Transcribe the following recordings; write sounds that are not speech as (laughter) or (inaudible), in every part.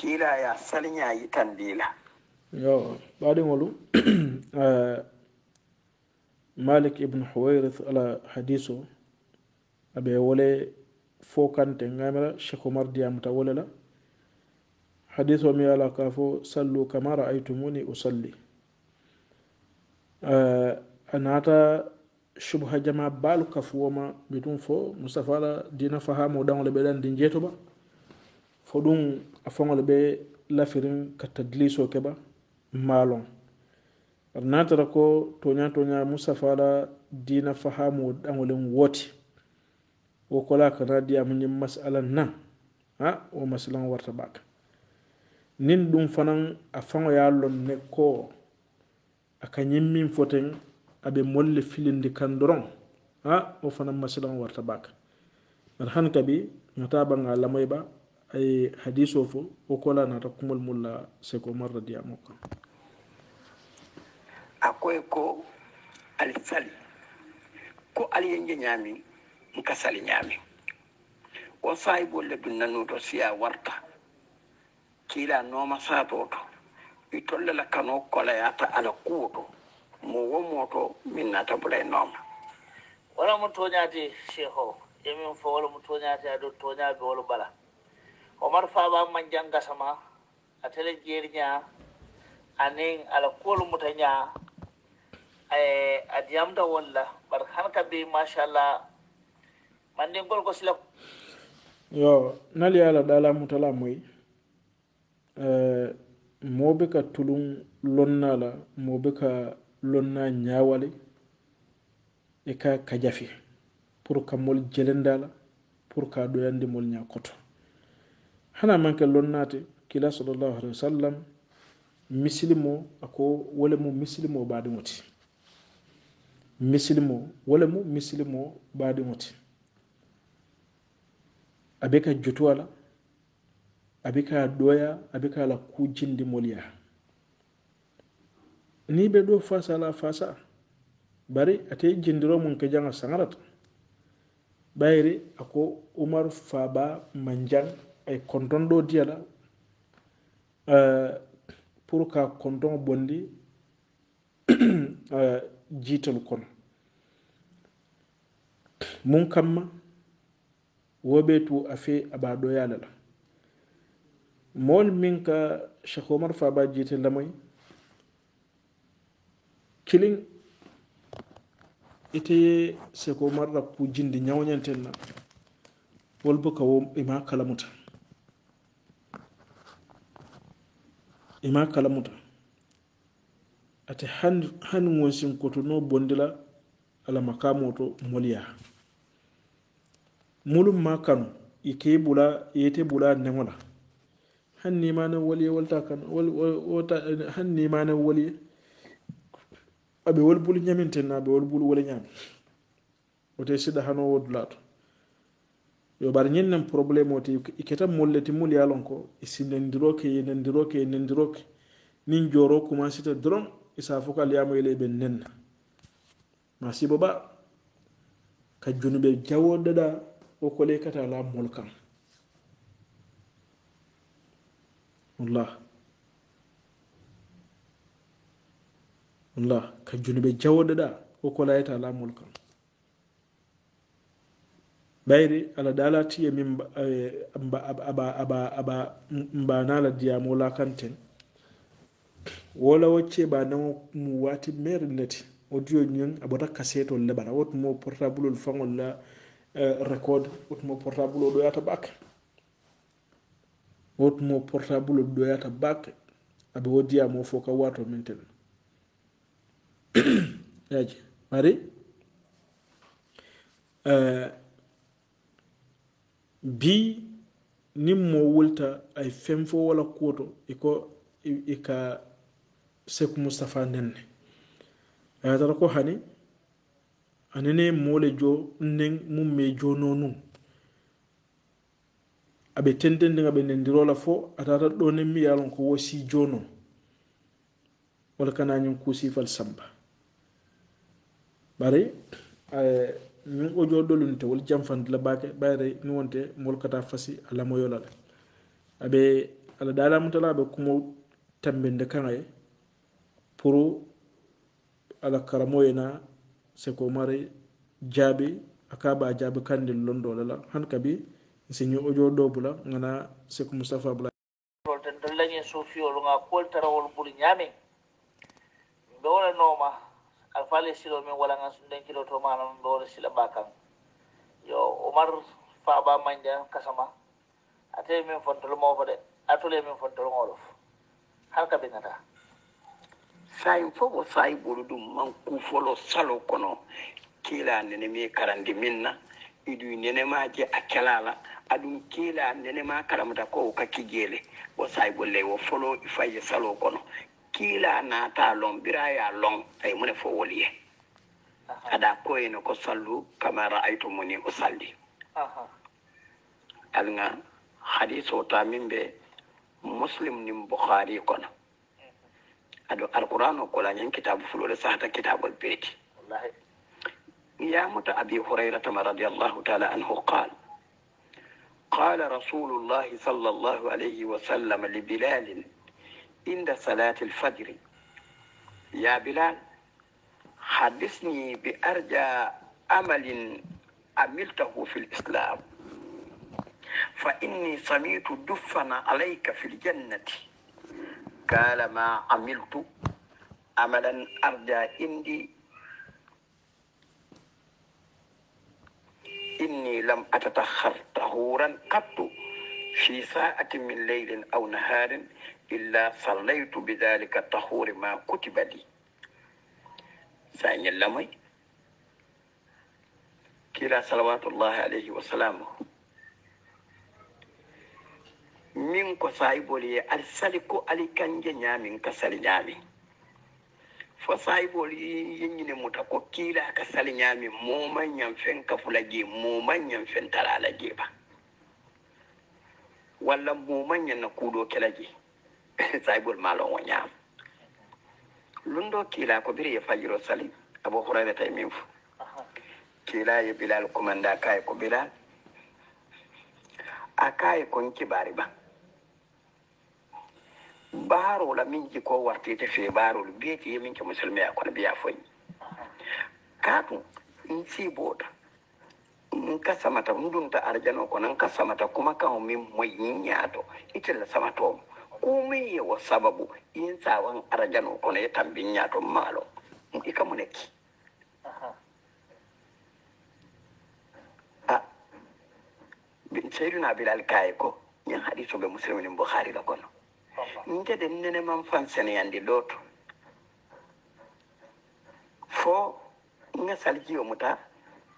kiilaya salña yitandiila yo ɓaaɗimolu (clears throat) eh, malik ibnu howayris ala hadis o aɓe wole fo kante gamira cheikh omar diyamuta wole la hadis o mi ala ka fo sallu kama raaytumuni usalli eh, a naata subha jama baalu kafuwoma mbi tum fo mustapha ala dina fahamo ɗangole ɓeɗandi jeetuba fo ɗum a foŋol ɓe lafirin ka tadliso keɓa maalon aɗa natara ko toña toña mustapha la dina fahamu ɗaŋolen wooti wo kola kana diyamuñi masala na a wo masalan warta ɓaka nin ɗum fanan a faŋoya lon ne ko a ka ñimmin foten aɓe molle filindi kan doron a wo fanan masalan warta ɓaka aɗa han kabi ñota baŋa lamoy ba ay hadiso fo wo kola nata kumol mum la seko umar radiyamo kan a koye ko ali sali ko ali ye je ñaami nka sali ñaami wo sahibol le dun nanuto siya warta kiila nooma saato to i la kano kolayata ala kuwo to mo wo mooto to min nata bulay nooma wala mo toñaati cheikh o emin fo wala mo toñaati aɗo be wala bala omar faba man sama atele jirnya aning ala kolu mutanya ay eh, adiam walla bar hanka be bi Allah manden gol ko sila yo nali ala dala mutala moy euh mo ka lonna la ka lonna nyawali, e ka kajafi pour ka mol jelendala pour ka doyande mol nyakoto hana manke lonnaate kila salllahu alehi wa sallam misilimo ako wolemo misilimo baɗimoti misilimo wolemo misilimo baɗimoti abe ka jutu ala abe ka ɗoya abe ka la kujindi molya ni ɓe ɗo fasa la fasa bari ate jindiro mun ke janga sangarata ɓayri ako umar faba manjang ay e kondon ɗo diyaɗa e, pour qua kondon bondi e, jiital kon mum kamma woɓe tu a fe aɓa ɗo yalala mowol min ka cheikh omar faba jiite lamoy kilin iteye seko marra ku jindi ñawñanten na wol bo ka wo ima kalamuta ima kalamuta ate hani wonsin koto no bondila ala makamo to moliya mulum ma kanu ike bula yete bula nemola han nima ne wali walta kan wal wota han nima ne wali abe wal bul nyamin tenna be wal bul wala nyam ote sida hano wodlato yobar ñennen probléme o te iketa molleti mul yalon ko isi nendiroke ye nendiroke ye nendiroke min joro commencete dron isa fo ko alyamo yele ɓe nenna ma sibo ba ka joni ɓe jawodeɗa o kole kata la mol kam wallah wallah ka joni ɓe jawodeɗa o kolayta la mol kam bayri ala dalati e min aba aba aba mbanala diyam wola kanten wola wacce banawo mu wati mere neti audio ñon abo rakka setol lebana wotumo portable ol fangol la e, record wotumo portable o ɗo yata bakke wotumo portable o ɗo yata bakke aɓe wo diyam o fo ka wato minten (clears throat) yaji mari e, bi niŋ moo wulita a ye feŋ fo wo la kuo to i ko i ka sekumu safandiŋ ne a ye tara ko hani ani ne moo le joo nneŋ muŋ mee joo noonuŋ a be tentendiŋ a be nendiroo la fo a taata ɗooniŋ miŋ ye a loŋ ko wo sii joo noo wo le ka naa ñiŋ kuusii fal samba bari eh, min o joɗɗolunte wol janfandila bake ɓayre ni wonte molkata fasi alamoyolal aɓe ala dalamu tala ɓe kumo tambinde kaga e pour ala karamoyena seko mari jaabi akaba a jaabi kandi londo lala han kabi sini o joɗɗo bula gana seko moustapha bula rolte dallañe sofiolu ga koltarawol ɓuuri ñaami mi ɓe wolanoma kan fale silo min walangan sunden kilo to manam ɗoono sila ɓa kan yo omar faaɓa mañde kasama atawi min fontolo mofo de atole min fontolo ngolof har ka binata sayi fof o sayi ɓolu ɗum man kufolo salo kono kiila nene mi karandi min na iɗu nenemaje a kelala aɗum kiila nenema karamata ko o ka kijeele o sayi ɓolley o folo ifaye salo kono kiila naata lon ɓiraya lon ay mune fo woli ye aɗa koyene ko sallu kama raaytu muni o salli alga hadise o tamin ɓe muslim nin bouhari kono aɗo alqurano kolañen kitabu fulole sahata kitabol beeti yamuta abi hurairatama radiallahu taala anhu qal قال رسول الله صلى الله عليه وسلم لبلال عند صلاة الفجر يا بلال حدثني بأرجى أمل عملته في الإسلام فإني سميت دفن عليك في الجنة قال ما عملت أملا أرجى إني إني لم أتتخر طهورا قط في ساعة من ليل أو نهار إلا صليت بذلك الطهور ما كتب لي سأني لمي كلا صلوات الله عليه min ko sayiboli ye ali sali ko ali kanje nyamin ka sali ñaamin fo sayiboli ye ñine muta ko kila ka sali ñaamin mooma ñanfen kafula jee mooma ñanfen la ba walla muman ñanna kuuɗo kela je (laughs) sahibol malon o lundo kila ko biri ye fajiro sali abo hurairata e min fo kiila ye bilal commanda kaye ko bilal a ko e kon kibaari ba baarol la min jiko wartite fe baarol biyete ye min ke musilme a kono biya foñi kaatu n sii boota nka samata n dunta arjano kono nka samata kumakaŋo miŋ moyi ñiŋ ñaato ite la samatomo ye wo sababu in sawan arjano kono ye tambiŋ ñaato maalo i ka mu ne ki seyiduna bilal kaye ko ñiŋ hadiso be musiliminin bukhari la kono nte de neneman faŋ seneyandi looto fo nŋa salijiyo muta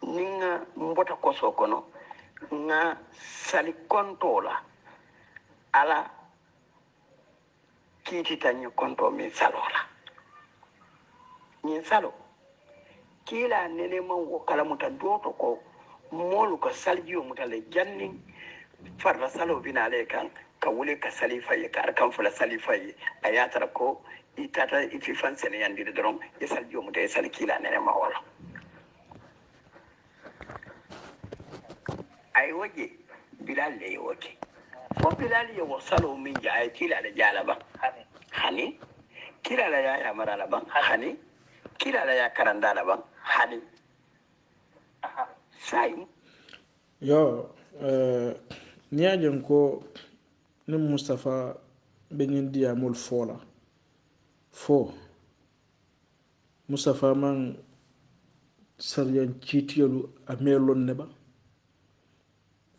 ni n ka n kono kɔsɔ sali konto la ala kiitita n ye kɔntɔ min la ñin salo kiila neleman wo kala muta doto ko moolu ko saljiyo muta le jannin farla salo bina ale kan ka wule ka sali faye ka arkan fula sali faye a yatara ko i tata i fifan seneyandiri doron i saljiyo muta i sali kiila nenema wola ay woƴƴe bilal de yewote fo bilal yewo salow min jaay kila ala jaala ban hani kila ala ya yamarala ban hani kila ala ya karandala ban hani sayi yo eh, niyajen ko nin mustapha ɓe ñindiyamol foola fo mustapha man sariyan ciitiyolu a melon ne ɓa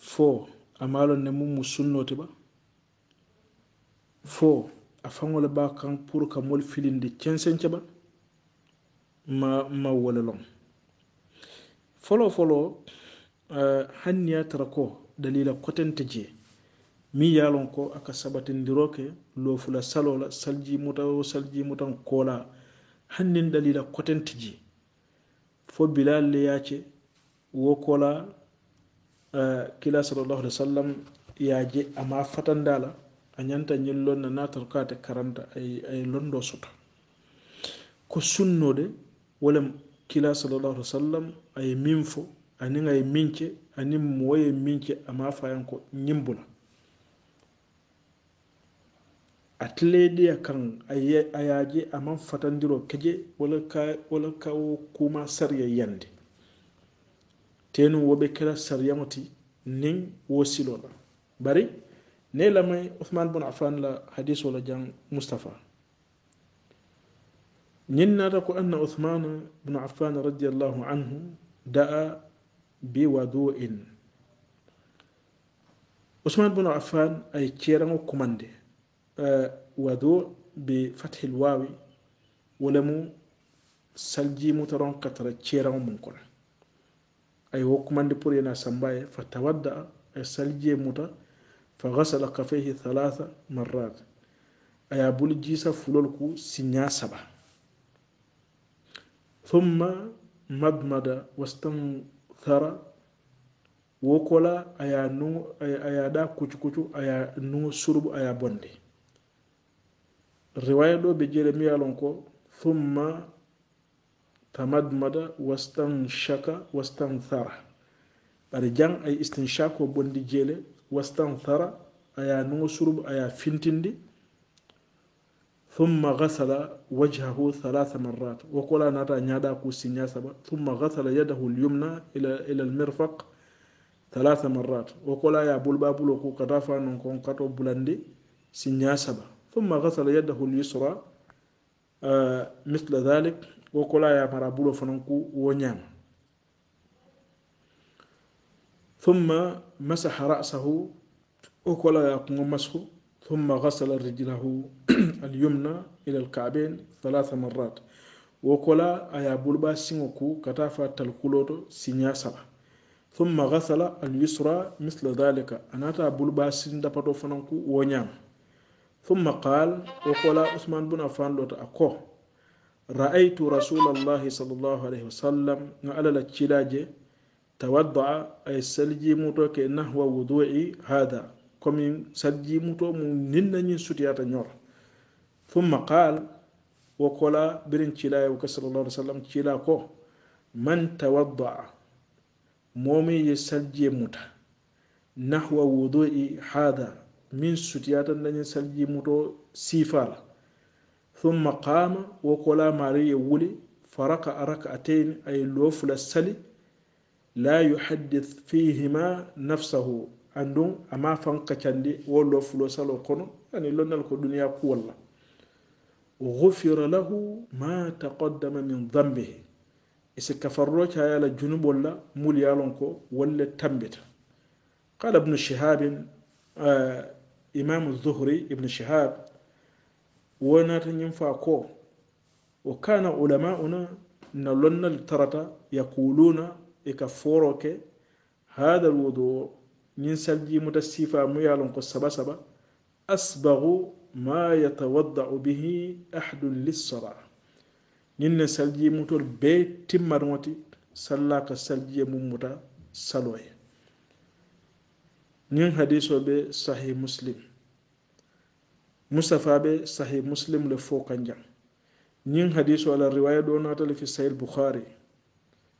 fo a malonne mum mo sunnote ɓa fo a fangole ɓa kan pour ka mol filinde censence ɓa ma ma wole lon folo folo uh, hanniya tara ko dalila kotente je mi yalon ko aka sabatindiroke lofula salola salji muta o salji mutan kola hannin dalila kotente je fo bilal le yace wo kola Eh, kila sallllahu alih w sallam yaaje ama fatandala a ñanta ñillonna natal kate karanta ay londo soto ko sunnode wala kila sallllahu alih w sallam ay min fo anin ay e mince anin moye mince ama fayanko ñimbula atleɗiya kan a yaaje aman fatandiro keje wala kawo kuma sarya yande tenu woɓe kala sariyaŋoti nin wosilo la bari ne lamay ouhman bun afan la hadise wola jaŋ mustapha ñin nata ko anna ouhmana bun afan radiallahu anhu da'a bi wadu'in ousmane bun afan ay ceeraŋo commande e, wadu be fathil wawi wolemu saljimutaron katara ceeraŋo mun kono ay hokkumande pour yana samba e fa tawadda a a salji e muta fa gasala kafeyhi halatha marat aya buli jiisa fulol ku siña saba thumma madmada wastanthara wo kola aya nuŋo aya ɗa kucu kucu aya nuŋo surbu aya bonde riwaya ɗo ɓe jeere mi ye lon ko thumma tamadmada wastanchaka wastanthara bara jang aya istinchak o bondi jeele wastanthara aya nuŋo surub aya fintindi thumma gasala wajhahu halatha marat wo kola naata ñaaɗa ku siña saba thumma gasala yadahu lyumna ila almirfak halatha marat wo kola ya bulbabulo ku kata fa non kon kato bulandi siña saba thumma gasala yadahu lyusra mithla halik wo kola a yamara bulo fanan ku wo ñaama thumma masaha rasahu wo kola ya kuŋo masku thumma gasala rijilahu (clears throat) alyumna ila alkabain halatha marat wo kola a ya bulba siŋo ku kata fa tal kuloto siña saba thumma gasala alyusra misla dhalika anata bulba sin dapato fanan ku wo ñaama thumma qal wo kola usman bun afan lota a ko raaytu rasulallahi sal llahu alayhi wasallam no alala cilaje tawaddaa ay saljimutoke nahwa wudui hada komin saljimuto mu ninnañin sutiyata ñor thumma qal wo kola birin cilaye woke sal llah alih sallam cila ko man tawaddaa momi ye salje muta nahwa wudui hada min sutiyata dañin saljimuto sifala ثم قام وقال ماري يولي فرق ركعتين أي لوفل السلي لا يحدث فيهما نفسه عندهم أما فانك تندي ولوفل سلو قنو يعني لن نلقو الدنيا قوة الله وغفر له ما تقدم من ذنبه إذا كفروك يا جنوب الله مولي ألونكو ولا تنبت قال ابن شهاب آه إمام الظهري ابن شهاب wonata ñinfa ko wo kana ulama una na lonnal tarata yaquluna eka foro ke hada lwudu o ñin saljimuta sifa muyalon ko saba saba asbagu ma yatawaddau bihi ahadun lissola ñin ne saljimutol be timmatgoti sallaka saljiye mummuta saloye ñin hadiso be sahih muslim mustapfaɓe sahi muslim le fo kanjam ñin hadise ala riwaya ɗo natale fi sahil bouhari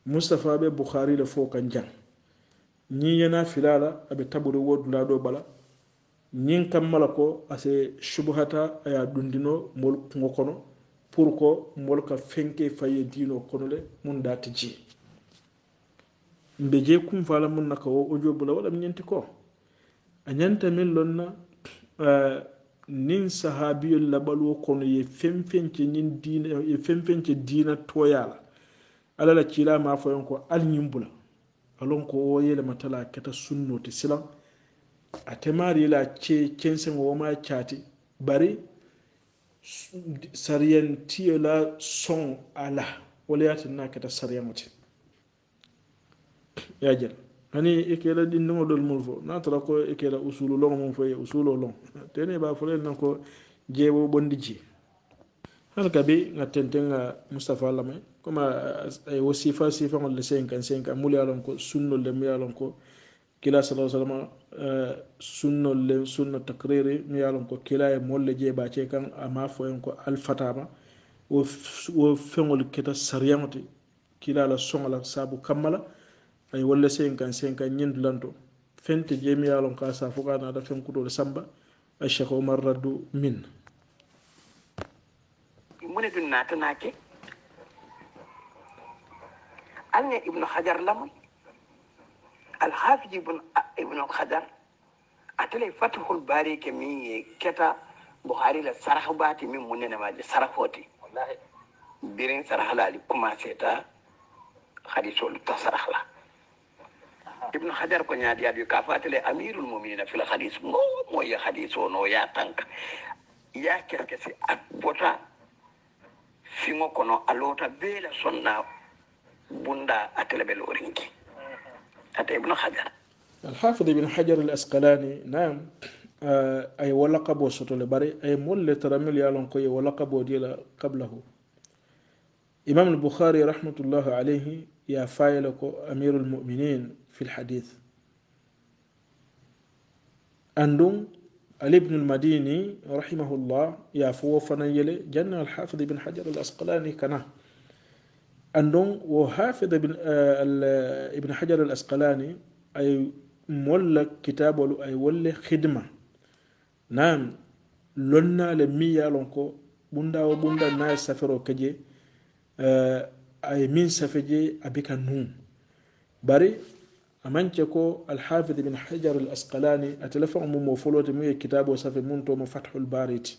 mustapfaɓe bouhari le fo kanjam ñi yana filala aɓe taɓuri wodula ɗo ɓala ñin kammala ko ase subhata aya ɗundino mol kugo kono pour ko mol ka fenke faye dino kono le mun dati jee mbe je kum fala mun naka o o joɓula waɗam ñenti ko a ñanta min lonna uh, nin sahabiyol laɓalwo kono ye fenfence nin dina ye fenfence dina toyala ala la cila ma foyon ko al ñimbula alon ko o yelematala keta sunno te silan atemari yela ce censego woma cati bari sariyantiyo la son ala wala yatinna keta sariyaŋo te yajela ani i kela ɗindiŋo ɗol mun fo na tara ko i kela usulu loŋo mun fo ye usulo loŋ tene ba fo lena ko jeewo ɓondi ji hal kabi ŋa tentenŋa mustapha lamay comme ay wo sifa sifaŋol le senkan senkan mulu ye lon ko sunnol le mu ye lon ko kila salaa sallama euh, sunnol le sunna takriri mu ye lon ko kila ye mol le jee bace kan a ma fo en ko alfatama wo wo feŋol keta sariyaŋo ti kila la soŋo la saabu kamma la ay walla senkan senkan ñendulanto fente jeemiyalon ka sa fof ka naata fenkuɗole samba a cheikh omar raddu min mune ɗum natanake anne ibnu hadar lamoy alhafiji ibnu hadar atele fatihul bari ke min keta buhari la sarah bati min munenemaji sarahoti birin sarahla ali commencé ta hadisolu ta sarahla ibnu hadar ko ñaaɗiyaɗo ka fatele amirul mumina fila hadis mo moye hadis o no ya tanka ya kerkesi a bota fiŋo kono a loota bee la sonna bunda atele be loorinki ata ibnu hadar الحافظ ابن حجر الأسقلاني نعم أي ولقب وسطو لبري أي مول ترمل يالون كوي ولقب وديلا قبله إمام البخاري رحمة الله عليه يا فايلك أمير المؤمنين في الحديث أندون الابن المديني رحمه الله يا فو فنيل جنة الحافظ بن حجر الأسقلاني كنا أندون وحافظ بن آه، ابن حجر الأسقلاني أي مولى كتاب ولو أي ولا خدمة نعم لنا لمية لونكو بندا وبندا ناس سفرو كجي آه، أي من سفجي أبيك نوم bari amance ko alhafid ibin hajar al asqalani atelefa omo mo folode mu e kitabe o safe mum tomo fathul bariti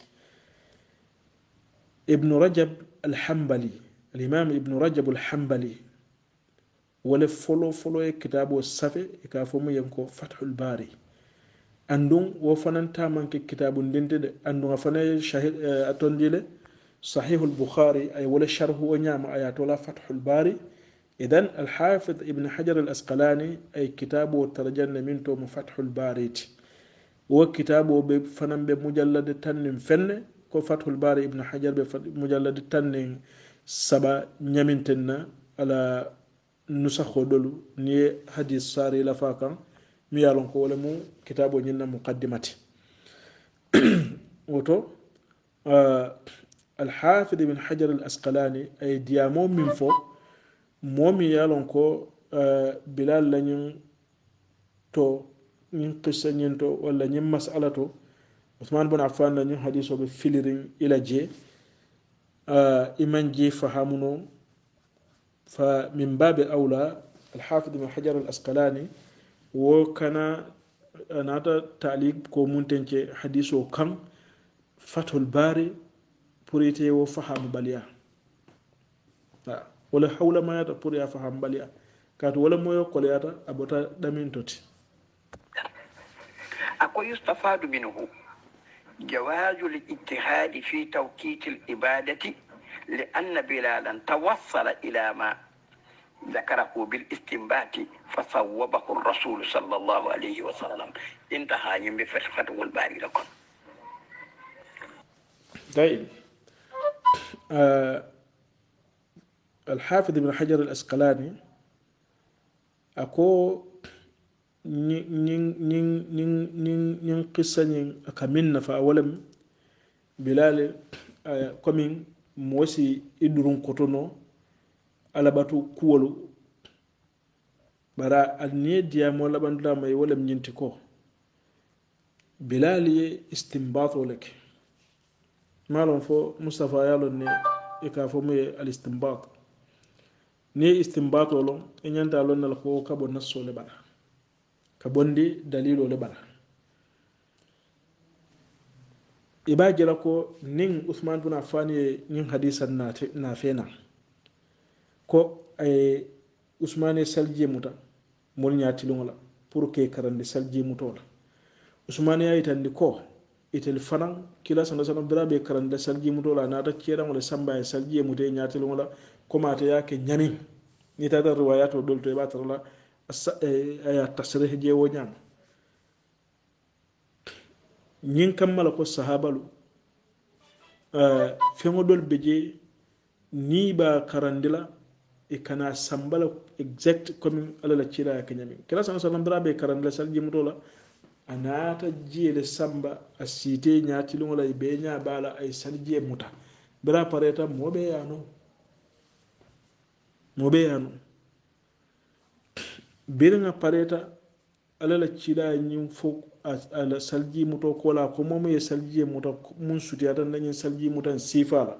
ibnu rajab alhambali alimam ibnu rajab alhambali wala folo folo e kitabe o safe e ka fo muyen ko fathul bari andun wo fanan tamanke kitabu ndinde de andun fana shahid atondile sahihul bukhari ay wala sharhu o ñama ayatola fathul bari idan alhafid ibnu hajar al asqalani ay kitabu o tarajanne min to mo fathul bariti wo kitabu o ɓe fanan ɓe mujallade tannin fenne ko fathul bari ibnu hajar ɓe mujallade tannin saɓa ñamintenna ala nusakho ɗolu niye hadis sari lafa kan mi yalon ko wala mu kitabu o ñinna muqaddimati (clears throat) woto euh, alhafid ibnu hajar al asqalani ay diyamo min fo moomi ye a lon ko uh, bilal la ñin to ñin qissa ñin to walla ñin masala to ousmane bon afan la ñin hadis o ɓe filirin ila je uh, iman je fahamuno fa min babe aula alhafid ibne hajar al askalani wo kana eh, anata talik ko muntence hadis o kan fatol bari pour ite wo fahamu baliya ah. wala hawlamayata pour ya faham baliya kaatu wala moyo koleyata a bota ɗamin toti akoy yustafadu minhu جواز الاتحاد في توقيت الإبادة لأن بلالا توصل إلى ما ذكره بالاستنباط فصوبه الرسول صلى الله عليه وسلم انتهى يم فتحة الباري لكم دائم آه alhafid ibne hajar al asqalani ako ñin qissañin aka minna fa awolem bilale eh, komin moosi idurun kotono alabatu kuwolu bara alniye diyamo labandulamay wolem ñinti ko bilal ye istimbato leke malon fo mustapha yalon ne ikafo e muye al istimbato ni istimbato lon e ñanta lonnal fo kaɓo nasso le ɓala ka bondi dalilo le ɓala i e ɓa jela ko nin usman duna fani e ñin hadisa na fena ko aye usmane salje muta mol ñatilugola pour ke karandi salje mutola usmane yayitandi ko itel fanan kila sanda sana birabe karandila salje mutola nata ceɗangole sambaye salje mute ñatilugola komateyake ñani ni tata riwayat o ɗol to e ɓatarala e, aya tasre he jewo ñama ñin kammala ko sahabalu feŋoɗol be je ni ɓa karandila e kana sambala exact comme alla la cira yake ñamin kela sa sallam dara ɓe karandila sal jimotola a naata jiyele samba a siite ñatilogola e ɓe ñabala ay sal jiye muta bera pareta moɓe yanoo mo ɓe yano benga pareta alala cila ñin fo ala salji muto kola ko mamu ye salji ye muta mun suti ata dañin salji mutan sifala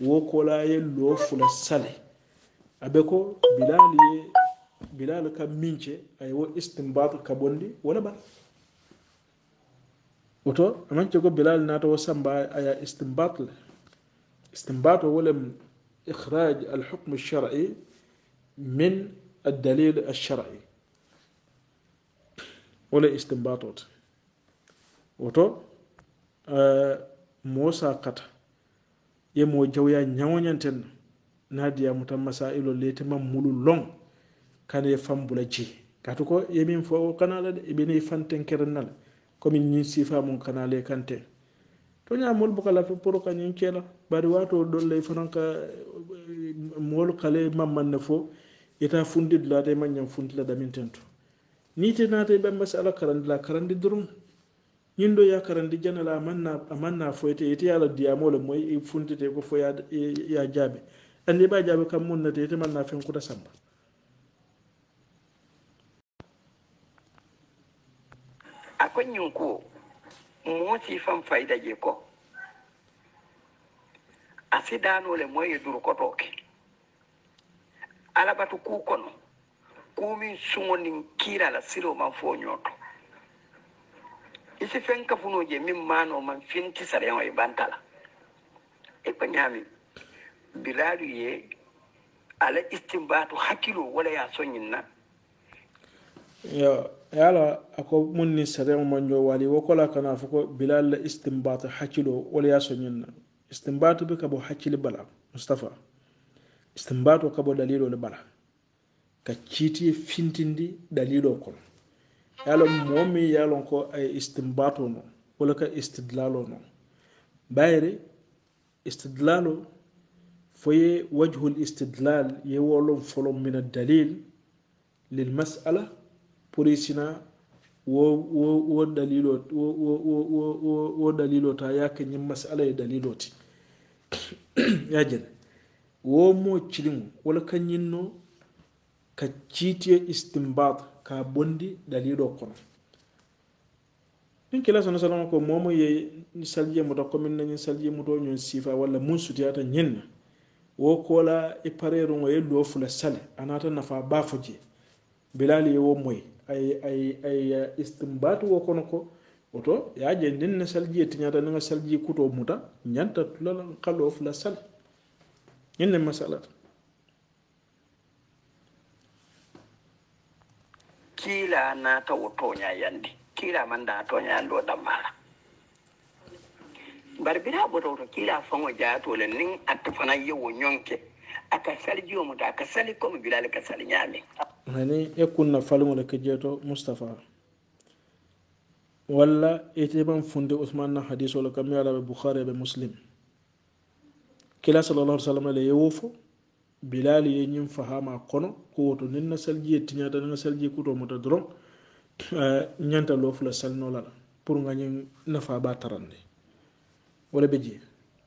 wo kola ye lo fula sale abe ko bilal ye bilal ka mince ay wo istinbat ka bondi wala bar oto amance ko bilal nata wo samba aya istinbat le istinbat wolem ikhraj alhukm alshar'i min addalil alshari wona istimbatot woto uh, eh, mosa kata yemo jawya ñawoñanten nadiyamu tan masailo letema mulu long kane ye fambula je kati ko yemin fo o kanala de ibine fanten kerennal komin ñin sifamum kanale kante to ñamol bukala fe pour kañin ceela bari wato ɗolley fonan ka eh, mool kale mammanne fo yata fundidu laade mañam fundila damin ten to nite naata e ɓemba si ala karandi la karandi dorom ñinɗo ya karandi janala amanna amanna foyte yete yaala diyamole moy e fundite ko fo ya jaabe andi ɓa jaabe kam munnate yete manna fenkuta samba ako ñinku moosi fam fayda je ko asidanole moye dur ko toke alabatu kuu kono kuumin sugondin kiirala siro man fo ñooto isi fen kafunoo je min maano man finti sareyao e bantala e ko ñaami bilaalu ye ala istimbatu hakkilo wala ya soñin na yo e ala a ko mun ni sareo manjo waali wo kola kana fo ko bilal la istimbatu hakkilo wala ya soñin na istimbatu be ka bo hakkili bala moustapha stmbato kabo dalilo le bala ka ciiti fintindi dalilo kono yalo momi yalon ko ay e stmbato no wala ka istidlalo no bayre istidlalo foye wajhul istidlal yewolon folon mina dalil lilmasala pour isina wo wo wo dalilo wo wo wo wo dalilo ta yake ñim masala e dalilo ti (coughs) yajene womo cilingu wala ka ñinno ka citiyo istimbat ka bondi dalilo kono ɗin kila sono salama ko momo ye salje muto komin nañi salje muto ñon sifa walla mun sutiyata ñinna wo kola i e pareru ngo ye lo fula sali anata nafa bafo je bilali ye wo moyi aye istimbat wo kono ko oto yaje ndin ne salji tiñata ninga salji kuto muta ñanta tulala kalo fula sali inda matsalar kila na ta wutonya yandi kila man da tonya yando da mara barbira boto kila fango jato le nin atfana yewo nyonke aka salji mu da aka sali ko mu bilal ka sali nyame nani e kunna falmu da ke jeto mustafa walla ite ban funde usman na hadiso lo kamiyala be bukhari be muslim kila salallah sallam ala ye wo fo bilali ye ñin fahama kono kowo to nin na salji ye tiñata nin na salji ye kuto mata doron ñanta (clears throat) eh, lo fula salino lala pour nga ñin nafa ba tarande wala be jee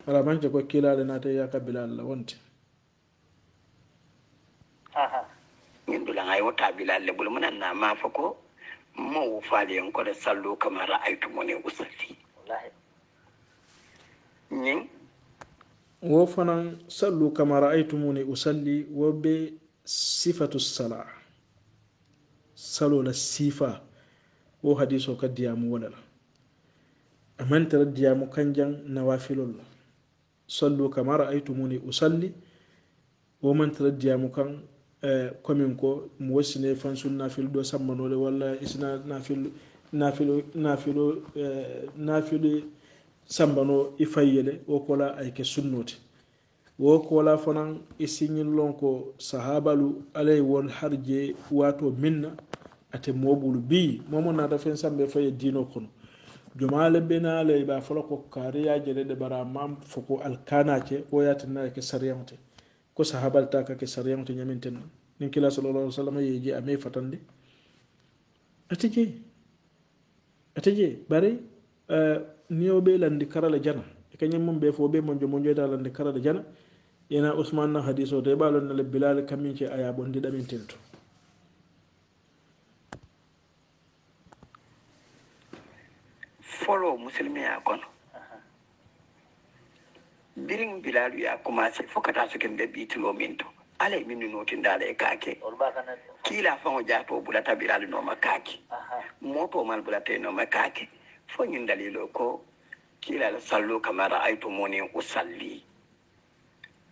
alamanke ko kilale naata yaka bilali la wonte min dulangay wota bilal le bulu munan na ma fo ko mawo falien kode sallu kama ra aytu mone usalli ñin wo fanan sallu kama ra'aytumuni usalli wo be sifatu sala salola sifa wo hadiso ka diyamu walala amantara diyamu kanjan nawafilol la sallu kama ra'aytumuni usalli wo mantara diyamu kan eh, komin ko mu wasine fansun nafilu do sammanole walla isna nafilu nafilu nafilu eh, nafilu sambano i fayyele wo ko wala ay ke sunnote wo ko wala fanan i siñinlon ko sahabalu alaye won har je waato minna ate moɓulu bi momo nata fen sambe faye dino kono jomale benale ba fola ko kariyaje ɗe ɗe bara mam foko alkanake wo yatinna ke sariyante ko sahabal taka ke sariyante ñamintenna nin kila sal lah sallam yeji a mefatande ateje ateje bare Eh, niyo ɓe landi karala jana e kañum mum ɓe fo ɓe mon jomo joyda landi karala jana yana ousmane na hadis o to e ɓalonnale bilal kamince ayaɓondi ɗamintinto folo musilme ya kono birin bilalu ya commencé fo kata soke ɓe ɓitino min to alay min ninotindala e kaake kiila fao jato bulata bilalu noma kaake moto mal bulatainoma kaake fo ñin dalilo ko kiilal sallu kama raaytumuni usalli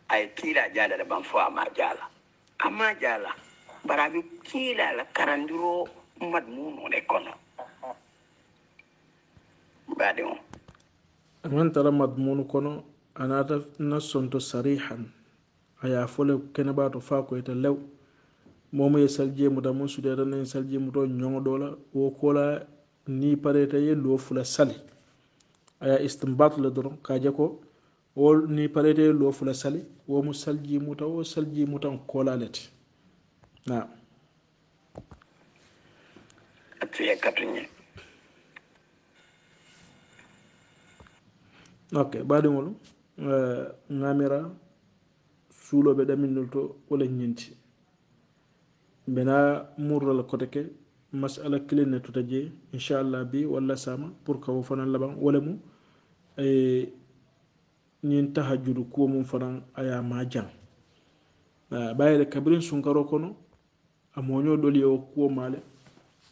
aye kiila jaalala ban fo ama jaala ama jaala bara a be kiilala karandiro madmunu le kono baadiŋo man tara madmunu kono anata na sonto sarihan a ye a fo fa kenebaa to faa koyita lew moo mu ye salijee muta mun sudeeta naŋ salijee muto ñoŋo doo wo koo ni pareta ye loo fula sali aya istimbat le doron kaje ko wo ni pareta ye loo fula sali womu salji muta wo salji mutan kolalete na ok baɗimolu gamira eh, suuloɓe ɗaminnol to wole ñinti mbena murral koteke masala kilen ne tuta je allah bi wala sama pour que fana laban wala mu ñin eh, tahajjudu kuwo mum fana aya ma jan ah, bayele kabirin sunkaro kono a moño doli o kuwo male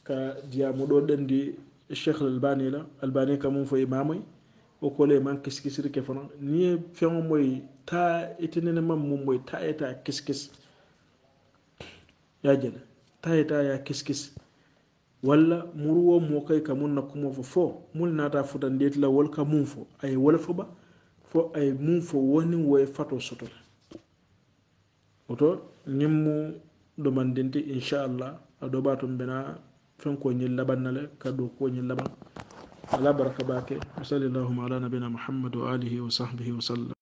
ka diyamu do ɗendi cheikh albani la albani ka mum fo imamay o kole man kiskisiri ke fana ni feŋo moy ta itinene man mum moy ta eta kiskis ya jena ta eta ya kiskis walla muruwo mo kay ka mun nakkumo fo fo mun naata futandetila wol ka mum fo aye wole foɓa fo aye mum fo woni wo e fato sotola oto ñimmu domandinti inchallah a ɗoɓa toon bena fenko ñil laɓannale kaɗo ko ñil laɓan ala baraka bake wa salli llahuma ala nabina mouhammad wa alihi wa sahbihi wa sallam